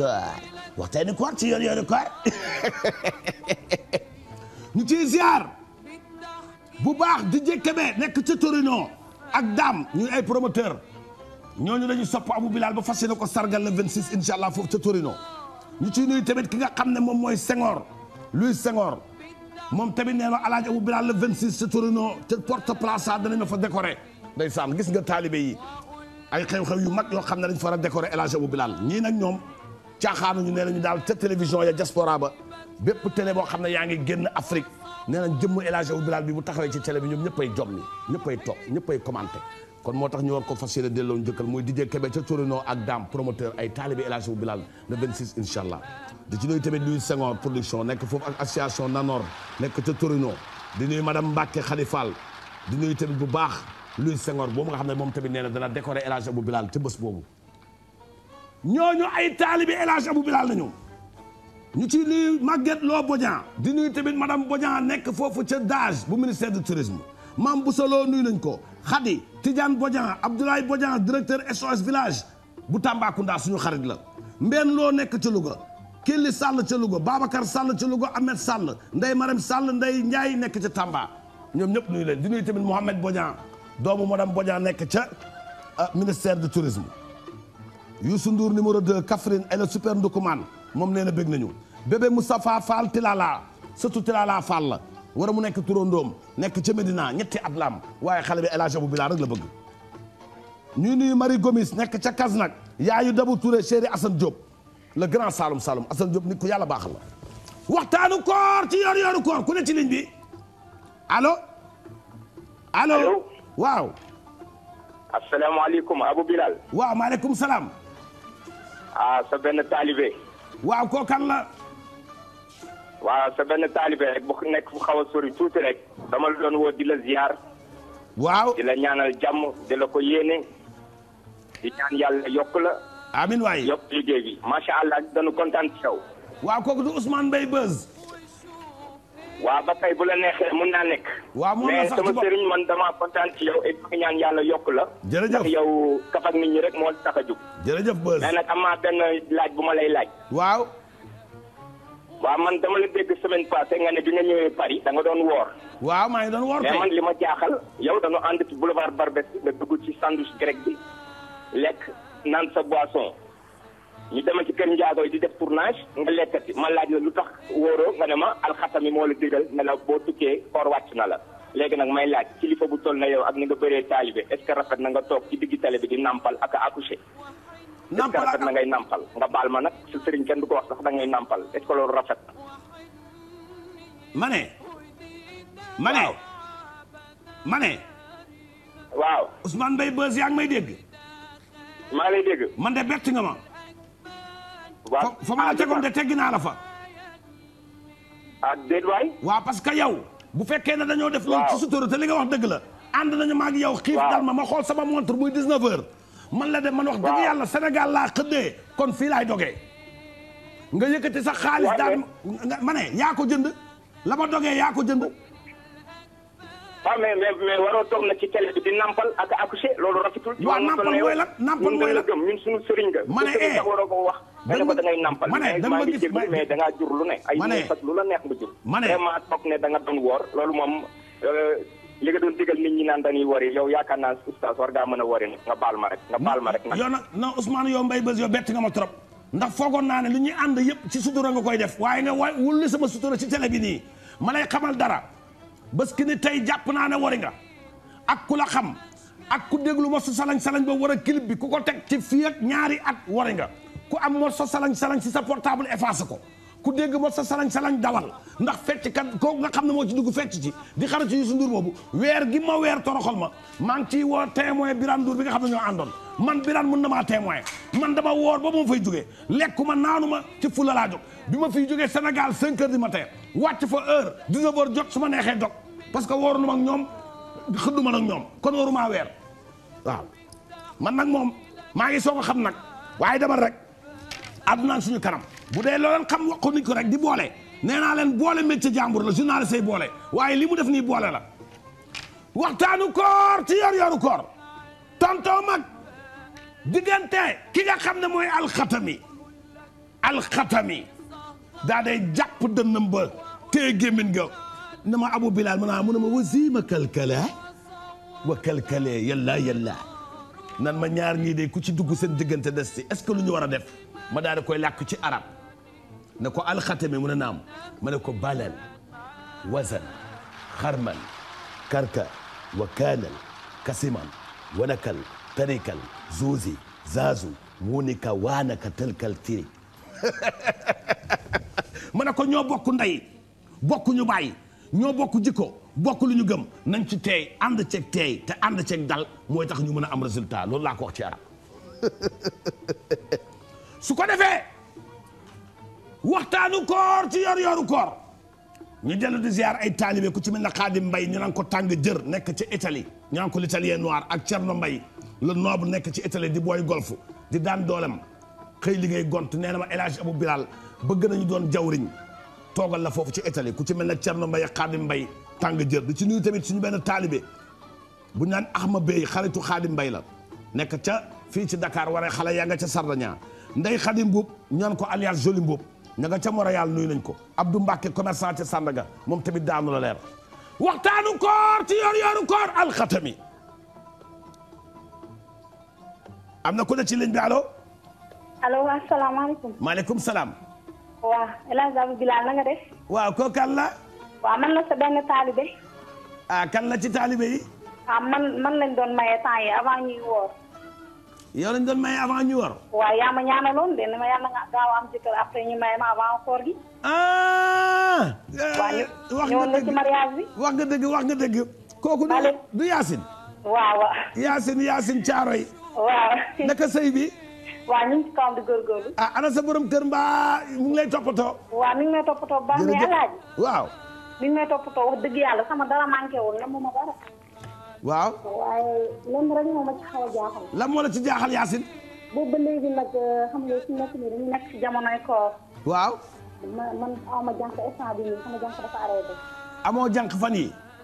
koor waxtaanu koor ci yoor yooru koor ñu ciy ziar bu baax di jëkkëbe nekk ca Torino ak Dame ñu ay promoteur ñooñu dañu sopp Abou Bilal ba fas yéene ko sargal le 26 incha allah foofu ca Torino ñu ciy nuyu tamit ki nga xam ne moom mooy Senghor Louis Senghor moom tamit nee na alaaj Abou Bilal le 26 ca Torino te porte plaza danañ ma fa décorer ndeysaan gis nga taalibe ay xew-xew yu mag yoo xam ne dañ fa war a décorer El Hadj Abou Bilal ñii ñoom. caaxaanuñu nee nañu daal ca télévision ya diaspora ba bépp télé xam ne yaa ngi génn Afrique nee nañ jëmm El Hadji Bilal bi bu taxawee ci télé bi ñoom ñëppay jom ni ñëppay toog kon moo tax ñu war ko fas yéene delloo njëkkal muy DJ Kébé ca Torino ak Dame promoteur ay taalibe El Hadji Bilal le 26 incha allah di ci nuyu tamit Louis Senghor production nekk foofu ak association Nanor nekk ca Torino di nuyu madame Mbacke Khalifal bu baax Louis Senghor boobu xam ne moom tamit nee na dana décorer El Hadji Bilal ñooñu ay taalibi El Hadj Abou Bilal nañu ñu ci nuyu Maguette Lo Bodian di nuy tamit madame Bodian nekk foofu ca DAGE bu ministère du tourisme Mame Boussaloo nuyu nañ ko Khady tijan Bodian Abdoulaye Bodian directeur SOS village bu Tambacounda suñu xarit la Mbène loo nekk ca Louga Kelli Sall ca Louga Babacar Sall ca Louga Ahmed Sall Ndeye Marème Sall Ndeye Ndiaye nekk ca Tamba ñoom ñëpp nuyu leen di nuyu tamit Mohamed Bodian doomu madame Bodian nekk ca ah, ministère du tourisme Youssou Ndour numéro 2 Kaffrine et le super Ndoukoumane moom nee na bëgg nañu bébé Moustapha Fall Tilala surtout Tilala Fall la war mu nekk turandoom nekk ca Medina ñetti at la waaye xale bi élage bu bilaa la bëgg ñuy nuyu Marie Gomis nekk ca Kaznak yaayu Dabu Touré chéri Assane Diop le grand Saloum Saloum Assane Diop nit ku yàlla baaxal la waxtaanu koor ci yor yoru koor ku ne ci ligne bi allo allo waaw asalaamaaleykum Abou Bilal waaw maaleykum salaam ah sa benn taalibe. waaw koo kan la. waaw sa benn taalibe rek bu nekk fu xaw a sori tuuti rek. dama la doon woo di la ziar. waaw di la ñaanal jàmm di la ko yéene. di ñaan yàlla yokk la. amiin waay yokk liggéey bi macha allah dañu kontaan ci yow. waaw kooku du Ousmane Mbaye Beuz. waaw ba tey bu la neexee mën naa nekk. waa mën na sax mais sama sëriñ man damaa kontaan ci yow et puis yàlla yokk la. jërëjëf ndax yow kaf nit ñi rek moo tax a jóg. jërëjëf Beuz. nag am naa laaj bu lay laaj. waaw. waaw man dama la dégg semaine passée nga bi nga ñëwee Paris da doon woor. waaw maa ngi doon woor mais man li ma jaaxal yow dañoo ànd ci boulevard Barbès nga dugg ci sandwich grec bi naan sa boisson. ñu demal ci kër njaago yi di def tournage nga lekkati man laaj la lu tax wóoroo nga ne ma alxatami moo la digal ne la boo tukkee koor wàcc na la léegi nag may laaj kilifa bu toll na yow ak ni nga bëree taalibe est-ce que rafet na nga toog ci digg tale bi di nampal ak akuse accouché rafet na ngay nampal nga baal ma nag sa sëriñ kenn du ko wax sax da ngay est-ce que loolu rafet na ma ne ma ne ma waaw Ousmane Mbaye Beuz yaa ngi may dégg maa lay dégg man de bett nga ma waaw fa ma a ah, tegoon de teggi naa la fa. waa ah, déet waay. waaw parce que yow. bu fekkee ne dañoo def. waaw ci sutura te li nga wax dëgg la. ànd nañu ma ak yow. xiif dal ma ma xool sama montre muy 19h. man la de man wax dëgg yàlla senegal laa xëddee. kon fii laay dogee. nga yëkkati sax xaalis daal ma ne yaa ko jënd. la ma dogee yaa ko jënd. Ah, waaw nampal mooy lan nampal mooy lan ñun suñu sëriñ nga ma ne eh waroo ko wax doon woor loolu moom li nga doon digal nit ñi naan dañuy wari yow yaakaar naa oustaz war ngaa mën a wari nga baal ma rek nga baal ma rek yow nag non Ousmane yow Mbaye Bés yow bett nga ma trop ndax foogoon naa ne li ñuy ànd yëpp ci sutura nga koy def waaye nga wa wulli sama sutura ci télé bi nii ma lay xamal dara bés ni tey jàpp naa ne wari nga ak ku la xam ak ku déglu mosu salañ salañ ba war a clip bi ku ko teg ci fii ak ñaari ak wari nga ku am mosu salañ salañ si sa portable effacé ko ku dégg mosu salañ salañ dawal ndax fecc kat kooku nga xam ne moo ci dugg fecc ci di xarit ci Youssou Ndour boobu weer gi ma weer toroxal ma maa ngi ciy woo témoin Birane Ndour bi nga xam ne ñoo andoon man Birane mun na maa témoin man dama woor ba mu fay jógee lekku ma naanu ma ci fula laa jóg bi ma fiy jógee Sénégal 5 heures du matin fa heure 19 heures jot su ma neexee dog parce que wooruma ak ñoom xëdduma ak ñoom kon waruma weer. waaw man nag moom maa ngi soog xam nag waaye demal rek àdduna suñu kanam bu dee loo leen xam wax ko nit ko rek di boole nee naa leen boole métier jàmbur la journaliste say boole waaye li mu def nii boole la waxtaanu koor ci yor koor tontoo mag diggante ki nga xam ne mooy alxatami alxatami daa day jàpp dënnam ba téye gémmin nga na ma Abu Bilal ma naa mu ma wasiima kalkala wa kalkale yàlla yàlla nan ma ñaar ñii de ku ci dugg seen diggante des si est ce lu ñu war a def ma daal di koy làkk ci arab ne ko alxatami mu na naam ma ne ko balal wazan xarman karka wa kaanal kasiman wanakal tarikal zuuzi zaazu wunika waanaka tëlkal tiri ma ne ko ñoo bokku ndey bokk ñu bàyyi ñoo bokk jikko bokk lu ñu gëm nañ ci teey ànd ceeg teey te ànd ceeg dal mooy tax ñu mën a am résultat loolu laa ko wax ci arab su ko defee waxtaanu koor ci yor-yoru koor ñu dellu di ziar ay taalibe ku ci mel na Xaadim Mbay ñu naan ko tàng jër nekk ci Italie ñu naan ko l'italien noir ak Cerno Mbay le noble nekk ci Italie di booy golf di daan doolem xëy liggéey gont nee na ma El Hadj Abou Bilal bëgg nañu doon jawriñ toogal la foofu ci Italie ku ci mel na Cerno Mbay Xaadim Mbay tàng jër di ci nuyu tamit suñu benn taalibe bu ñu naan Axma Bey xaritu Xaadim Mbay la nekk ca fii ci Dakar waree xale yaa nga ca Sardaña Ndey Xaadim Mbuub ñaan ko Alliance Jolie Mbuub ña nga ca Montréal nañ ko Abdou Mbacke commerçant ca Sandaga moom tamit daanu la leer waxtaanu koor ci yoor yooru koor alxatami am na ku ne ci ligne alo allo allo salaam waaw El Hadj Abou Bilal na nga def waaw waaw man la sa benn taalibe. ah kan la ci taalibe yi. ah man lañ doon maye temps yi avant ñuy woor. yow lañ doon maye avant ñuy woor. waaw yaa ma ñaanaloon de ni ma na nga gaaw am jëkkër après ñu maye ma avant koor gi. ah. Eh, wax nga dëgg ci mariage bi. wax nga dëgg wax nga dëgg. kooku du du Yacine. waaw Yacine Yacine Caaro yi. waaw naka sëy bi. waa ñu ngi ci kawam di góorgóorlu. ah ana sa borom kër mbaa mu ngi lay toppatoo. waaw mi ngi lay toppatoo baax mais alaaji waaw. bi ñu may toppatoo wax dëgg yàlla sama dara manqué woon la mu ma dara. waaw waaye ci xaw a jaaxal. lan moo la ci jaaxal Yacine. Euh, waaw. ma jànk instant bii nii sama jànk dafa arrêté. amoo jànk fan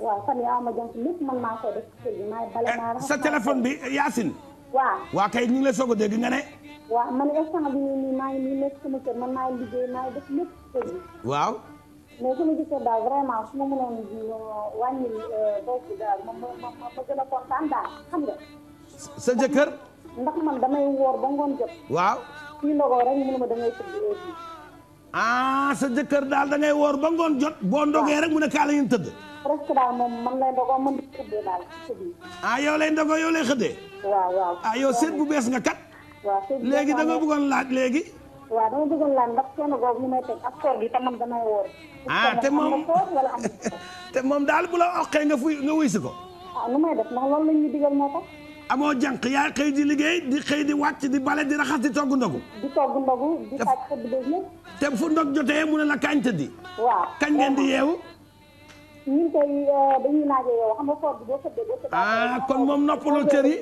waaw ma jànk lépp man maa koy def ci kër eh, sa téléphone bi Yacine. waaw waa kay ñu ngi lay soog a dégg nga ne. waaw man instant bii nii maa ngi nii nekk sama kër man maa waaw. mais sama jëkkër daal vraiment su ma mënoon euh, wàññi euh, boobu daal ma ma sa jëkkër. ndax man damay woor ba ngoon jot. waaw. fii ndogoo rek mënuma damay tëdd léegi. Ah, sa jëkkër daal da ngay woor ba ngoon jot. boo ndogee rek mu ne kaa la ñuy tëdd. presque daal moom man lay ndogoo man di xëddee ah, yow lay ndogoo yow lay xëddee. Ah, bu bees nga kat. waaw seet bu da nga bëggoon laaj léegi. waaw dama bëggoon laaj ndax coono boobu ak koor gi ah, te man damay woor. ah te moom te moom daal bu la oqee nga fuy nga wuy si ko. ah nu may amoo jànq yaa xëy di liggéey di xëy di wàcc di bale di raxas di togg ndogu. di togg ndogu di tàcc te fu ndog jotee mu na la kañ tëddi. kañ ngeen di yeewu. ñun tey euh, dañuy ah kon moom noppalu cër yi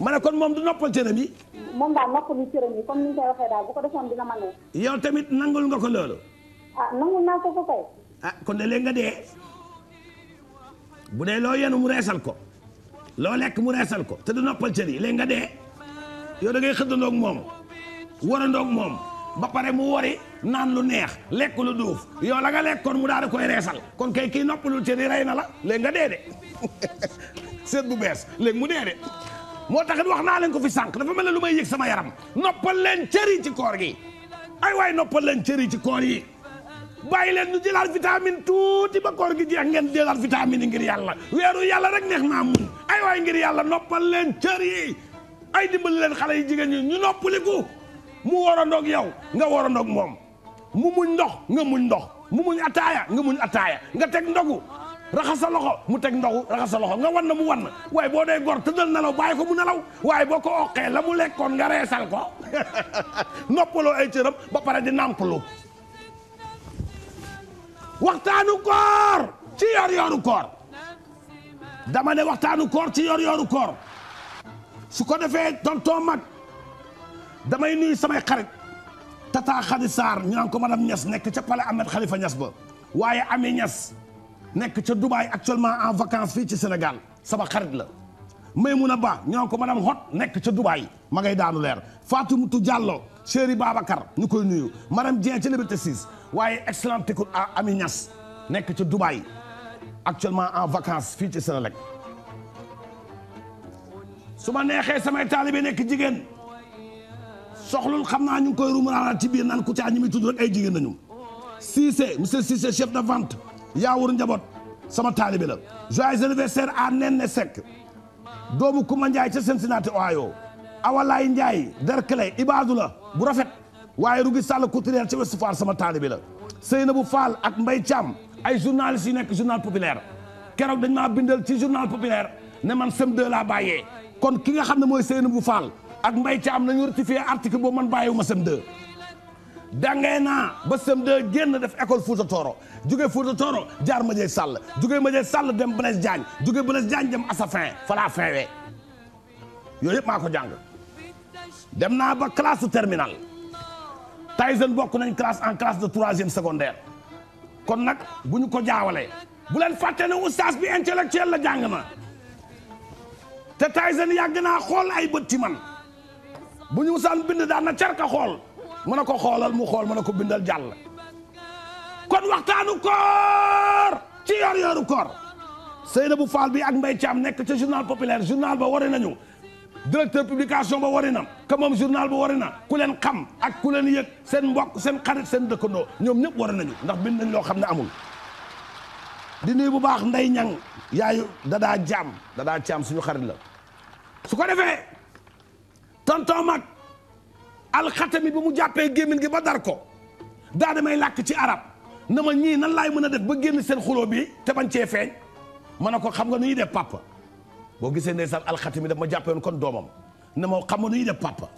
ma ne kon moom du noppal cëram yi. moom daal noppalu bu ko defoon dina mën a. yow tamit nangul nga ko loolu. ah ko ko ah, kon de léegi nga dee bu dee loo yenu mu reesal ko loo lekk mu reesal ko te du noppal cër yi léegi nga dee yow da ngay xëddandoog moom warandoog moom ba pare mu wori. naan lu neex lekk lu duuf yow la nga lekk kon mu daal di koy reesal kon kay kii noppalul ci ni rey na la léegi nga dee de seet bu bees léegi mu dee de moo taxit wax naa leen ko fi sànq dafa mel ne lu may yéeg sama yaram noppal leen yi ci koor gi ay waay noppal leen cëri ci koor yi bàyyi leen ñu jëlaat vitamine tuuti ba koor gi jeex ngeen jëlaat vitamine yi ngir yàlla weeru yàlla rek neex naa mun ay waay ngir yàlla noppal leen cër yi ay dimbali leen xale yi jigéen ñi ñu noppaliku mu warandoog yow nga warandoog moom mu muñ ndox nga muñ ndox mu muñ ataaya nga muñ ataaya nga teg ndogu raxas sa loxo mu teg ndogu raxas sa loxo nga wan na mu wan na waaye boo dee gor tëddal nelaw bàyyi ko mu nelaw waaye boo ko oqee la mu lekkoon nga reesal ko noppaloo ay cëram ba pare di nampaloo waxtaanu koor ci yor yoru koor dama ne waxtaanu koor ci yor yoru koor su ko defee tonton mag damay nuyu samay xarit tata Khady Sarr ñu naan ko madame Niass nekk ca palais Ahmed Khalifa Niass ba waaye Ami Niass nekk ca Dubaï actuellement en vacances fii ci Sénégal sama xarit la Maymouna Ba ñu naan ko madame Hot nekk ca Dubaï ma ngay daanu leer Fatoumata Diallo chéri Babacar ñu koy nuyu madame Dieng ca Liberté 6 waaye excellente écoute à Ami Niass nekk ca Dubaï actuellement en vacances fii ci Sénégal su samay taalibe nekk jigéen soxlul xam naa ñu ngi koy ruumanaanaat ci biir naan ku caa ñi muy tudd rek ay jigéen nañu Cissé monsieur Cissé chef de vente yaawur njaboot sama taalibe la joyeux anniversaire à Nene Seck doomu Kuma Ndiaye ca Cincinnati Ohio Awalaay Ndiaye Derklé Ibadou la bu rafet waaye Rugi Sall couturière ca Ouest Foire sama taalibe la na Seynabou Fall ak Mbaye Thiam ay journalistes yu nekk journal populaire keroog dañ maa bindal ci journal populaire ne man sem de la bàyyee kon ki nga xam ne mooy Seynabou Fall ak mbay ca am nañu rectifié article boobu man bàyyiwuma sem 2 dangay naa ba sem 2 génn def école Fouta Toro jóge Fouta Toro jaar Madiaye Sall jóge Madiaye Sall dem Blaise Diagne jóge Blaise Diagne dem Assafin falaa finwee yooyu yëpp maa ko jàng dem naa ba classe terminal Tyson bokk nañ classe en classe de troisième secondaire kon nag bu ñu ko jaawalee bu leen fàtte ne oustaz bi intellectuel la jàng na te Tyson yàgg naa xool ay bët ci man bu ñu musaan bind daan na cerka xool mu ne ko xoolal mu xool mu ne ko bindal jàll kon waxtaanu koor ci yor yooru koor Seynabou Fall bi ak Mbaye Thiam nekk ca journal populaire journal ba wari nañu directeur publication ba wari na ka moom journal ba wari na ku leen xam ak ku leen yëg seen mbokk seen xarit seen dëkkandoo ñoom ñëpp wari ñu ndax bind nañ loo xam ne amul di nuyu bu baax nday ñang yaayu dadaa jaam dadaa jaam suñu xarit la su ko defee tonton mag alxatami bi mu jàppee gémmiñ gi ba dar ko daa damay làkk ci arab na ma ñii nan laay mën a def ba génn seen xuloo bi te bañ cee feeñ ma ne ko xam nga nu ñuy def papa boo gisee ndeysaan alxatami daf ma jàppee woon kon doomam na ma xam nga nu ñuy def papa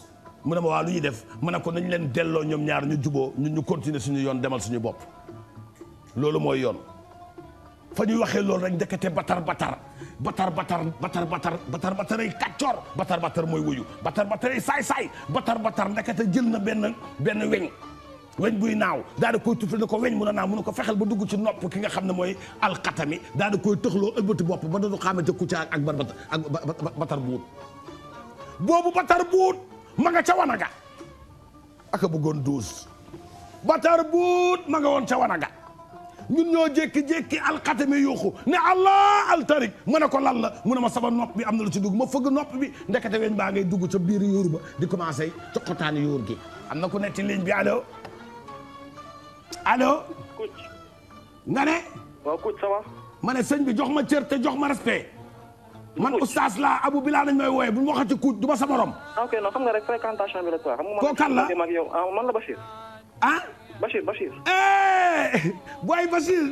mu ne ma waa lu ñuy def mu ne ko nañ leen delloo ñoom ñaar ñu juboo ñun ñu continuer suñu yoon demal suñu bopp loolu mooy yoon fa ñuy waxee loolu rek ndekete batar batar batar batar batar batar batar bataray kàccoor batar batar mooy wuyu batar bataray saay-saay batar batar ndekete jël na benn benn weñ buy naaw daa da koy ko weñ mun a naaw mun na ko fexel ba dugg ci nopp ki nga xam ne mooy alxatami daa da koy tëxloo ëlbati bopp ba dadu xaamante kucca ak bar ak batar buut boobu batar buut ma nga ca wanaga aka bëggoon douze batar buut ma woon ca wanaga ñun ñoo jékki-jékki alxatami yuuxu ne allah altarik ma ne ko lan la mu ne ma sama nopp bi am na lu ci dugg ma fëgg nopp bi ndekete weñ baa ngay dugg ca biir yóor ba di commencé coqotaan yóor gi am na ku ne ci ligne bi allo allo nga ne waaw kuc ça bi jox ma cër te jox ma respect man oustaz la abu bilaa nañ may wooye bu ñu waxati kuuc du ma sa morom ah, ok non xam nga rek fréquentation bi la quoi xam nga koo kan la ah, la Bachir ah Bachir Bachir. Eh! booy Bachir.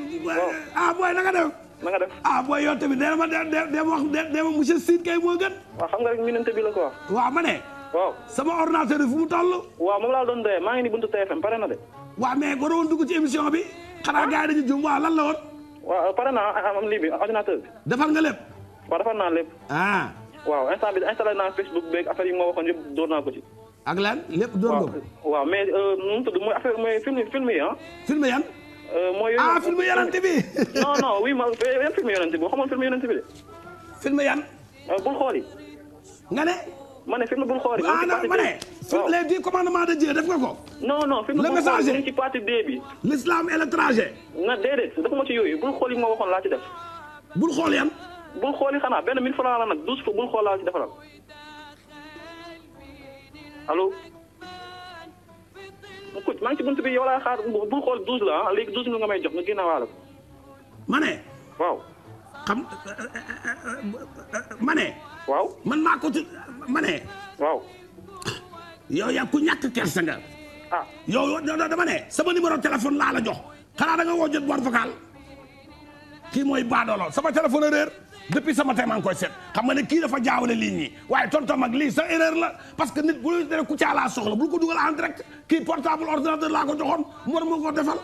ah booy na nga def. na nga def ah booy yow tamit nee na ma de de wax de ma monsieur Sine kay moo gën. waaw xam nga rek minante bi la quoi. waaw ma ne. waaw sama ordinateur fu mu toll. waaw moom laa doon doyee maa ngi ni buntu TFM pare na de. waaw mais nga doon dugg ci émission bi. xanaa gars yi dañuy jum waaw la woon. waaw pare naa ah, am lii bi ordinateur bi. nga lépp. waaw defar naa lépp. ah. waaw instant bi installé naa Facebook beeg ak lan lépp dóor waaw mais euh, nu mu tudd mooy affaire mooy film film yi ah. film yan. Euh, mooy yooyu ah film yonent bi. non non oui ma yan film yonent bi xamoon film yonent bi de. film yan. Euh, bul xool yi. nga film bul xool ah non ma ne. waaw les de Dieu def nga ko. non non film bul xool yi ci partie D bi. l'islam et l'étranger. na déedéet defuma ci yooyu bul xool yi ma waxoon laa ci def. bul xool yan. bul xool yi xanaa benn 1000 francs la nag bul xool laa ci defaral. allo. ma kuc maa ci buntu bi yow laa xaar bu xool douze la ah léegi douze nga may jox nga génn waale ko. ma ne. waaw. xam euh, euh, euh, ma ne. waaw man maa ko tu ma ne. waaw. yow yaa ku ñàkk kersa nga. ah yow dama ne sama numéro téléphone laa la jox xanaa da nga woo jot boîte vocale kii mooy Badolo sama téléphone a réer. depuis sama tey maa koy seet xam nga ne kii dafa jaawale lii ñii waaye tontom ak lii sa erreur la parce que nit bu ñu tere ku caalaa soxla bul ko dugal en direct kii portable ordinateur laa ko joxoon war moo ko defal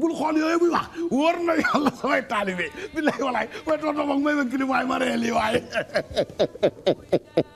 bul xool yooyu muy wax wóor na yàlla samay taalibe bi lay walaay waaye tontom ak may ma kii waaye ma ree waaye